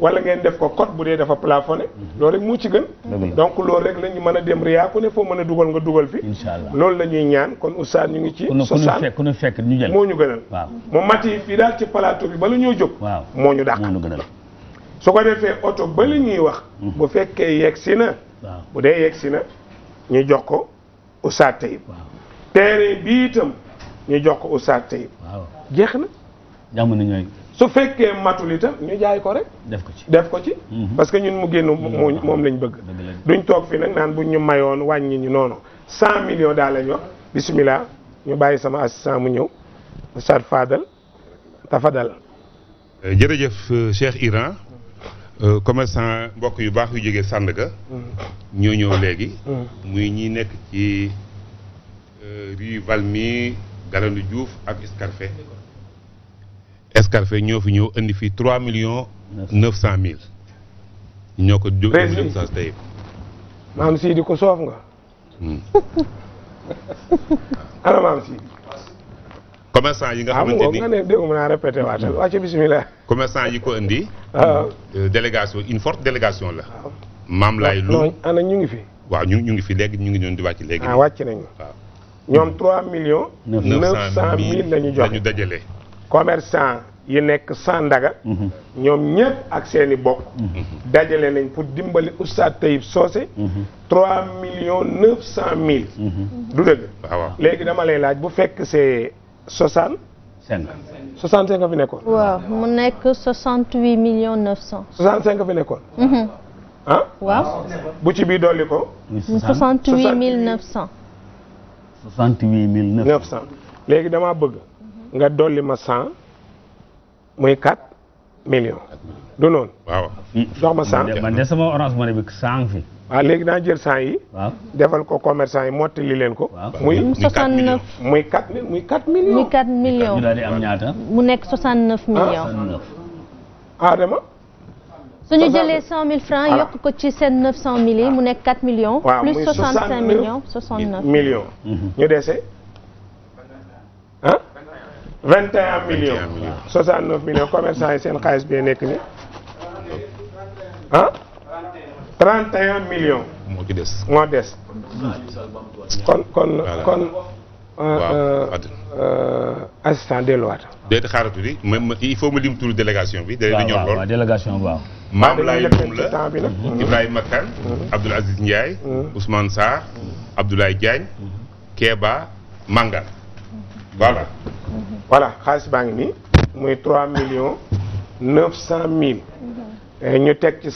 wala ngeen def ko code bu dee dafa plafonné mm-hmm. loolu rek moo ci gën donc loolu rek la ñu mën a dem riyaa ne foo mën a dugal nga dugal fi inshallah loolu la ñuy ñaan kon oustaz ñu ngi ci sosaan ku ñu fekk ñu jël moo ñu gënal waaw moom matt yi fii daal ci plateau bi bala ñoo jóg waaw moo ñu dàq moo ñu gënal su ko defee oto ba li ñuy wax mm-hmm. bu fekkee yegg si na bu dee yegg si na ñu jox ko oustaz Taïb terrain bi itam ñu jox ko oustaz Taïb jeex na jàmm na su fekkee matul itam ñu jaay ko rek. def ko ci mhm. parce que ñun mu génn moom lañ bëgg. duñ toog fii nag naan buñ ñu mayoon wàññi ñu noonu. 100 millions daal lañ wax bisimilah ñu bàyyi sama assistant mu ñëw Oustaz Fadal tafadal. Euh, jërëjëf euh, Cheikh Iran. Euh, commerçant mbokk yu baax yu jógee Sandaga. Mhm. ñoo ñëw léegi. Mhm. muy ñi nekk ci rue mi Galandou Diouf ak Escarfet. Escarfé ñoo fi ñëw indi fii trois millions neuf cent mille ñoo ko jóg jëm sa tey maam Sidi ko soof nga hmm. (laughs) ana maam Sidi commerçant yi nga ah, xamante ni nga ne dégg naa répété waatal wàcce bismillah commerçant yi ko indi ah. euh, délégation une forte délégation la ah. maam laay lu ana ñu ngi fi waaw ñu ñu ngi fi léegi ñu ngi doon di wàcc léegi ah wàcc nañu waaw ñoom trois millions neuf cent mille lañu jox lañu dajale commerçant yi nekk Sandaga mhm. ñoom ñëpp ak seen i bokk mhm. dajale nañ pour dimbali Oustaz Taïb Socé mhm. trois millions neuf cent mille du dëgg waaw léegi dama lay laaj bu fekk c'est soixante cinq soixante cinq fi nekkoon waaw mu nekk soixante huit millions neuf cent soixante fi nekkoon ah waaw bu ci bii dolli ko soixante huit mille neuf cent soixante bëgg nga dolli ma cent muy quatre millions. du noonu. waaw ma cent. man de sama orange money bi cent fi. waaw léegi naa jël cent yi. waaw defal ko commerçant yi mottali leen ko. muy 69 muy 4 muy 4 millions. muy 4 millions. ñu daal di am ñaata. mu nekk 69 ah. millions. Adama. su ñu jëlee 100000 francs ah. yokk mu nekk 4 millions. waaw plus 65 vingt et un millions soixante neuf millions commerçant yi seen xaalis ni ah trente et un millions ci des moo des kon kon kon euh, euh, euh, assistant delluwaat déet xaaratu di ma il faut ma lim turu délégation bi da leen ñor lool délégation waaw maam laay moom la temps bi nag Ibrahima Kane mm-hmm. Abdoul mm-hmm. Aziz Ndiaye mm-hmm. Ousmane Sarr Abdoulaye Diagne Kéba Manga voilà voilà xaalis baa ngi nii muy 3 millions 900 eh, ñu teg ci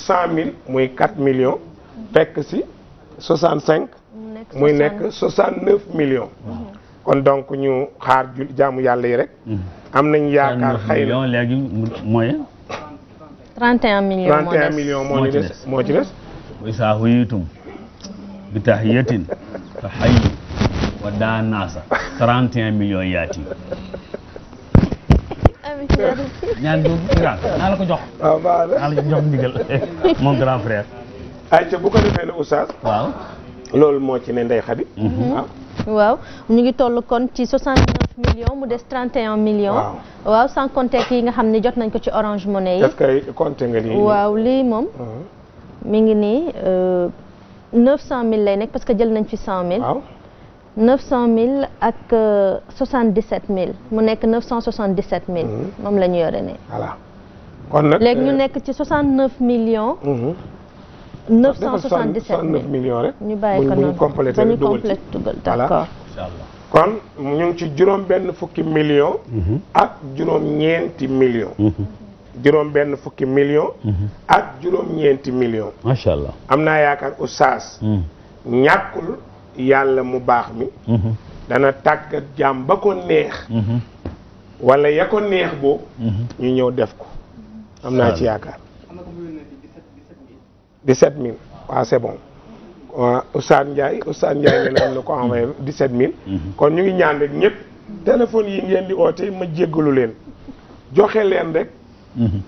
muy 4 millions. fekk si 65. muy nekk 69 millions. Mhm. kon donc ñu xaar ju jaamu yàlla yi rek. Mhm. am nañ yaakaar xëy na léegi mooy. 31 millions moo des millions moo ci des moo ci des. wa izaa huyyiitum bi tahiyyatin fa hayyu wa daa millions yaati. ñaan boobu grand naa la ko jox. waaw ah, baax naa la jox ndigal (laughs) mon grand frère. ayca bu ko defee la oustaz. waaw loolu moo ci ne ndey xadi. Mhm. Ah. waaw ñu ngi toll kon ci 69 millions mu des 31 millions. waaw sans compter yi nga xam ne jot nañ ko ci orange money yi. est-ce que compter nga lii. waaw lii moom. Mhm. mi ngi nii 900000 euh, lay nekk parce que jël nañ fi 100000. 900000 ak 77000 euh, mu nekk 977000. Mhm. moom lañu ñu yore ne. voilà kon nag léegi ñu euh, nekk ci 69 millions. 977000 mhm. millions rek. ñu bàyyi ko noonu ba ñu complété dugal d' accord. kon ñu ci juróom benn fukki millions. Mhm. ak juróom ñeenti millions. juróom benn fukki millions. ak juróom ñeenti millions. macha allah am naa yaakaar oustaz. ñàkkul. yàlla mu baax mi mhm. dana tàggat jaam ba ko neex mhm. wala ya ko neex boo mhm. ñu ñëw def ko am naa ci yaakaar dix-sept mille waaw c'est bon waaw Ousane Ndiaye Ousane Ndiaye nee na am na ko envoyé dix-sept mille kon ñu ngi ñaan rek ñëpp téléphone yi ngeen di oote ma jéggalu leen joxe leen rek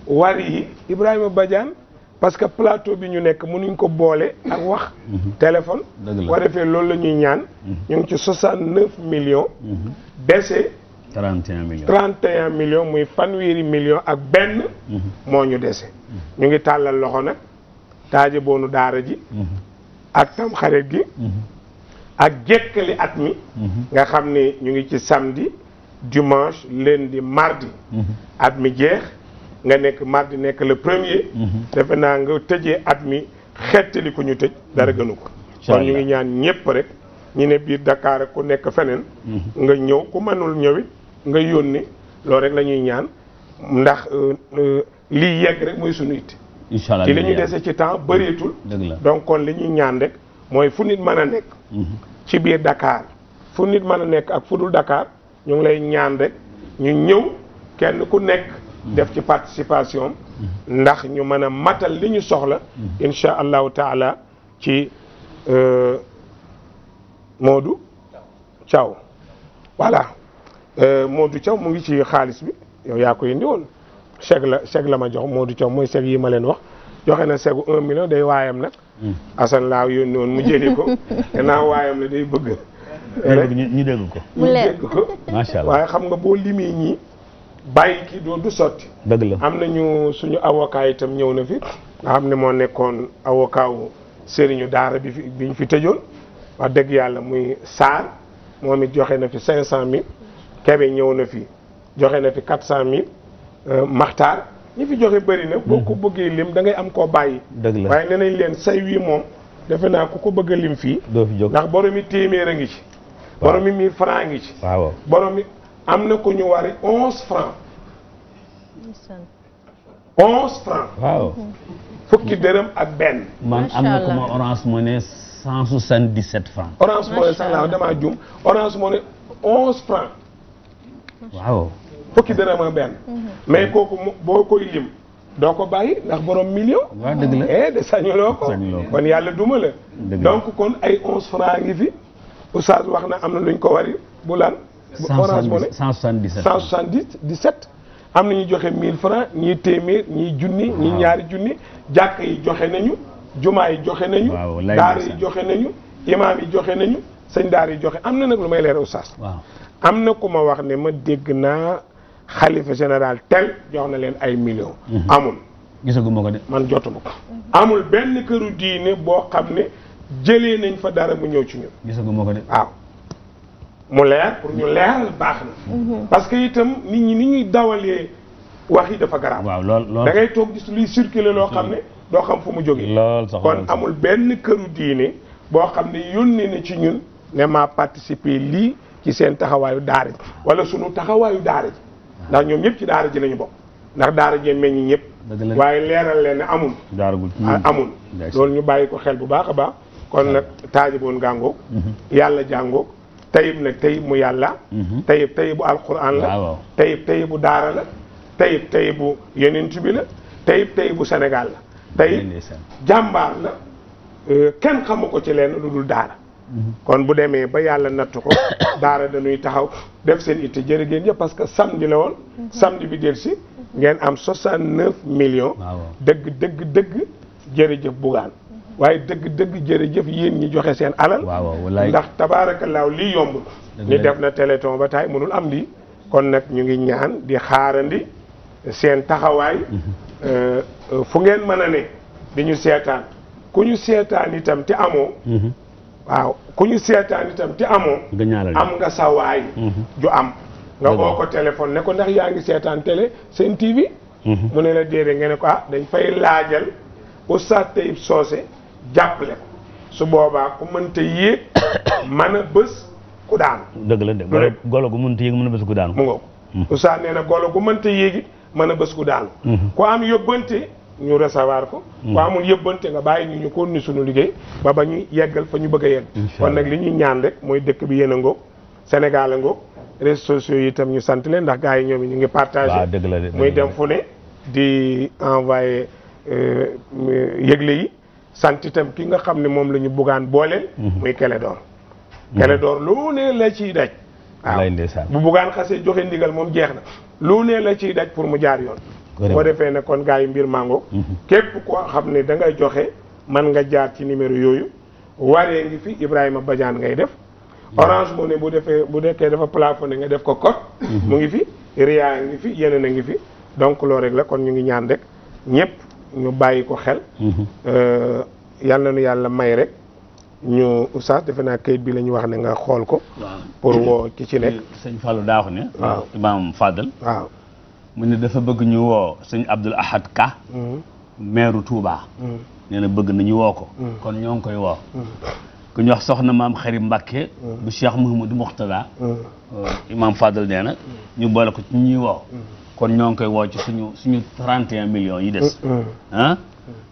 war yi Ibrahima Badiane parce que plateau bi ñu nekk mënuñ ko boole ak wax mhm. téléphone war defee loolu la ñuy ñaan mhm. ñu ngi ci soixante neuf millions mhm. dese trente et un millions trente et un muy fanweeri millions ak benn moo ñu dese ñu ngi tàllal loxo nag taaje boonu daara ji ak tam gi ak jekkali at mi nga xam ni ñu ngi ci samedi dimanche lundi mardi at mi jeex nga nekk mardi nekk la premier. Mhm. defe naa nga tëjee at mi xettali ko ñu tëj dara gënu ko. kon ñu ngi ñaan ñëpp rek ñu ne biir Dakar ku nekk feneen. Mhm. nga ñëw ku mënul ñëwit nga yónni loolu rek lañuy ñaan ndax euh, euh, lii yegg rek mooy suñu it. incha allah ci li ñu dese ci temps bëreetul. donc kon li ñuy ñaan rek mooy fu nit mën a nekk. Mhm. ci biir Dakar fu nit mën a nekk ak fu dul Dakar ñu ngi lay ñaan rek ñu ñëw kenn ku nekk. def ci participation ndax ñu man a matal li ñu soxla insha allahu taala ci euh, Modou caw voilà euh, moodu caw mu ngi ci xaalis bi yow yaa ko indi woon la chèque la ma jox Modou Thiaw mooy chèque yi ma leen wax joxe na chèque un million day waayam nag hmm. Assane laa yónni woon mu jëli ko (laughs) naa waayam la day bëgg ñu dégg ko ñu allah waaye xam nga boo limee ñii bàyyi kii doo du sotti. dëgg la am nañu suñu avocat itam ñëw na fi nga xam ne moo nekkoon avocat wu daara bi fi bi ñu fi tëjoon wax dëgg yàlla muy Sarr moom it joxe na fi cinq cent mille Kebe ñëw na fi joxe na fi quatre cent mille euh, Maxtaar ñu fi joxe bëri na. boo ko mm-hmm. bëggee lim da ngay am koo bàyyi. dëgg la waaye nee nañ leen say wii moom defe naa ku ko bëgg a lim fii. fi jóg ndax borom yi téeméer a ngi ci. borom yi mille a ngi ci. waaw am na ku ñu wari onze francs onze francs fukki dërëm ak benn man am na ku ma orange money cent soixante-dix-sept francs orange money sax laa damaa jum orange money onze francs fukki dërëm ak benn mhm. mais kooku boo koy lim doo ko bàyyi ndax borom million waaw dëgg la eh de sañuloo ko kon yàlla duma la donc kon ay onze francs ngi fi oustaz wax na am na luñ ko wari bu orange money 177 177 am na ñu joxe 1000 francs ñii téeméer ñii junni ñii ñaari junni jàkk yi joxe nañu jumaa yi joxe nañu daara yi joxe nañu imaam yi joxe nañu sëñ daara yi joxe am na nag lu may leeral oustaz am na ku ma wax ne ma dégg naa xalifa général tel jox na leen ay millions mhm. amul gisaguma ko de man jotuma ko amul benn këru diine boo xam ne jëlee nañ fa dara mu ñëw ci ñun gisaguma ko de waaw mu leer pour ñu leeral baax na. Mhm. parce que itam nit ñi ni ñuy dawalee wax yi dafa garaaw. waaw lool lool da gis luy circuler loo xam ne mhm. doo xam fu mu jógee. kon amul benn këru diine boo xam ne yónnee na ci ñun ne maa participer lii ci seen taxawaayu daara ji wala sunu taxawaayu daara ji ndax ñoom ñëpp ci daara ji nañu bokk ndax daara jee meññ ñëpp. waaye leeral leen ne amul. daaragul amul. loolu ñu bàyyi ko xel bu baax a baax. kon nag taajaboon gàngoog. Mhm. yàlla jàngoog. tayib nag tayib mu yàlla. Mhm. tayib tayibu alquran la. waaw tayib tayibu daara la. tayib tayibu yonent bi la. tayib tayibu Sénégal la. tayib jàmbaar la. Euh, kenn xamu ko ci leen lu dul daara. Mhm. kon bu demee ba yàlla nattu ko (coughs) daara dañuy taxaw def seen itte jërë ngeen jëf parce que samedi la woon. Mhm. samedi bi del si. ngeen am 69 millions. dëgg dëgg dëgg jërëjëf Bougane. waaye dëgg dëgg jërëjëf yéen ñi joxe seen alal ndax tabaarakallaahu lii yomb ni def na téléthon ba taay mënul am lii kon nag ñu ngi ñaan di xaarandi seen taxawaay mm-hmm. euh, fu ngeen mën a ne di ñu seetaan ku ñu seetaan itam te amoo mm-hmm. waaw ku ñu seetaan itam te amoo am nga sa waay mm-hmm. ju am nga woo ko téléphone ne ko ndax yaa ngi seetaan télé seen TV mu ne la déedéet nga ne ko ah dañ fay laajal Oustaz Taib Socé jàppale ko su boobaa ku mënta yéeg (coughs) man a bës ku daanu. dëgg la de golo golo gu mënta yéeg mën a bës ku daanu. mu ngoog hmm. na golo gu mënta yéeg it mën a bës ku daanu. Hmm. ku am yóbbante ñu recevoir ko. ku hmm. amul yóbbante nga bàyyi ñu ñu ni suñu liggéey ba ba ñu yeggal fa ñu bëgg a yegg. kon nag li ñuy ñaan rek mooy dëkk bi yéen a ngoog Sénégal a réseaux sociaux yi itam ñu sant leen ndax gaa yi ñoom yi ñu ngi partagé. waaw dëgg la de muy dem fu ne di envoyé euh, yëgle yi. sant itam ki nga xam ne moom la ñu buggaan booleel. Mhm. muy Kélédor. Kélédor mhm. lu ne la ciy daj. waaw bu buggaan xasee joxe ndigal moom jeex na lu ne la ciy daj pour mu jaar yoon. boo defee ne kon gars yi mbir mango. Mhm. képp koo xam ne da ngay joxe man nga jaar ci numéro yooyu. waree ngi fi Ibrahima Badiane ngay def. orange moo ne bu defee bu dekkee dafa plafonné nga def ko kot. mu ngi fi Ria ngi fi yeneen a ngi fi. donc loolu rek la kon ñu ngi ñaan rek ñëpp. ñu bàyyi ko xel mhm. euh, yàlla na nu yàlla may rek ñu oustaz defe naa kayit bi la ñu wax ne nga xool ko pour woo ci ci nekk sëñ Fallou daaxu ne waaw imaam Fadal mu ne dafa bëgg ñu woo sëñ Abdoul Ahad Ka mhm. maire Touba mhm. nee na bëgg nañu woo ko kon ñoo ngi koy woo ku ñu wax soxna maam xarit Mbàkke bu Cheikh Mouhamadou Mourtada euh, imaam Fadal nee na ñu boole ko ci ñuy woo kon ñoo ngi koy woo ci suñu suñu 31 millions yi des. ah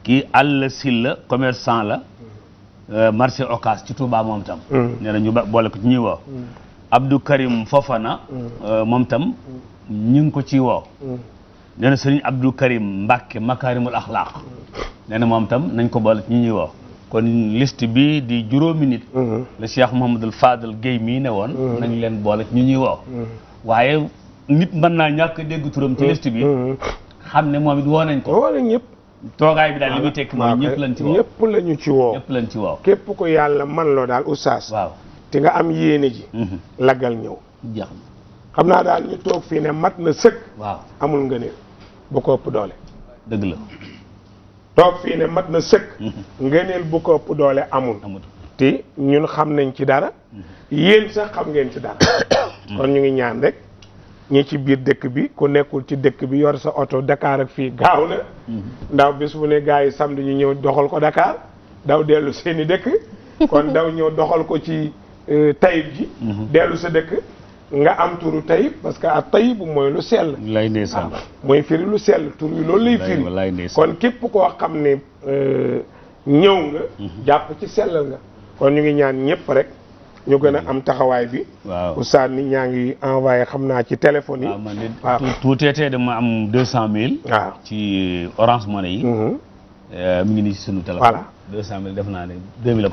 kii àll la commerçant la. Euh, marché Ocass ci Touba moom tam. nee na ñu boole ko ci ñuy woo. Abdou Karim Fofana. Euh, moom tam ñu ngi ko ciy woo. nee na sëriñ Abdou Karim Mbacke Makarimul Akhlaq. nee na moom tam nañ ko boole ci ñi ñuy woo. kon list bi di juróomi nit. la Cheikh Mouhamadul Fadal Guèye mii ne woon. nañ leen boole ci ñi ñuy woo. waaye. nit mën naa ñàkk dégg turam ci mm. liste bi mm. xam ne moom it woo nañ ko woo nañ ñëpp toogaay bi daal li muy tekki moom ñëpp lañ ci woo ñëpp lañu ci woo lañ ci woo képp ko yàlla man loo daal oustaz waaw te nga am yéene ji mm-hmm. laggal ñëw xam naa daal ñu toog fii ne mat na sëkk waaw amul nga ne bu ko ëpp doole dëgg la toog fii ne mat na sëkk mm-hmm. ngëneel bu ko ëpp doole amul te ñun xam nañ ci dara mm-hmm. yéen sax xam ngeen ci dara (coughs) kon ñu ngi ñaan rek ñi ci biir dëkk bi ku nekkul ci dëkk bi yor sa oto Dakar ak fii gaaw na mhm. ndaw bis bu ne gars yi samedi ñu ñëw doxal ko Dakar daw dellu seeni dëkk (laughs) kon daw ñëw doxal ko ci euh, tayib ji mhm. dellu sa dëkk nga am turu tayib parce que ak bu mooy lu sell lay ndeysaan ah, mooy firi lu sell tur wi loolu lay firi kon képp koo xam ne euh, ñëw nga mhm. jàpp ci sellal nga kon ñu ngi ñaan ñëpp rek ñu gën mm. am taxawaay bi. waaw oustaz nit ñaa ngi envoyé xam naa ci téléphone yi. waaw man de ah. tuuteetee dama am deux cent mille. waaw ah. ci orangement yi. Mm-hmm. Euh, mi ngi nii sunu téléphone. deux cent mille def naa ne deux mille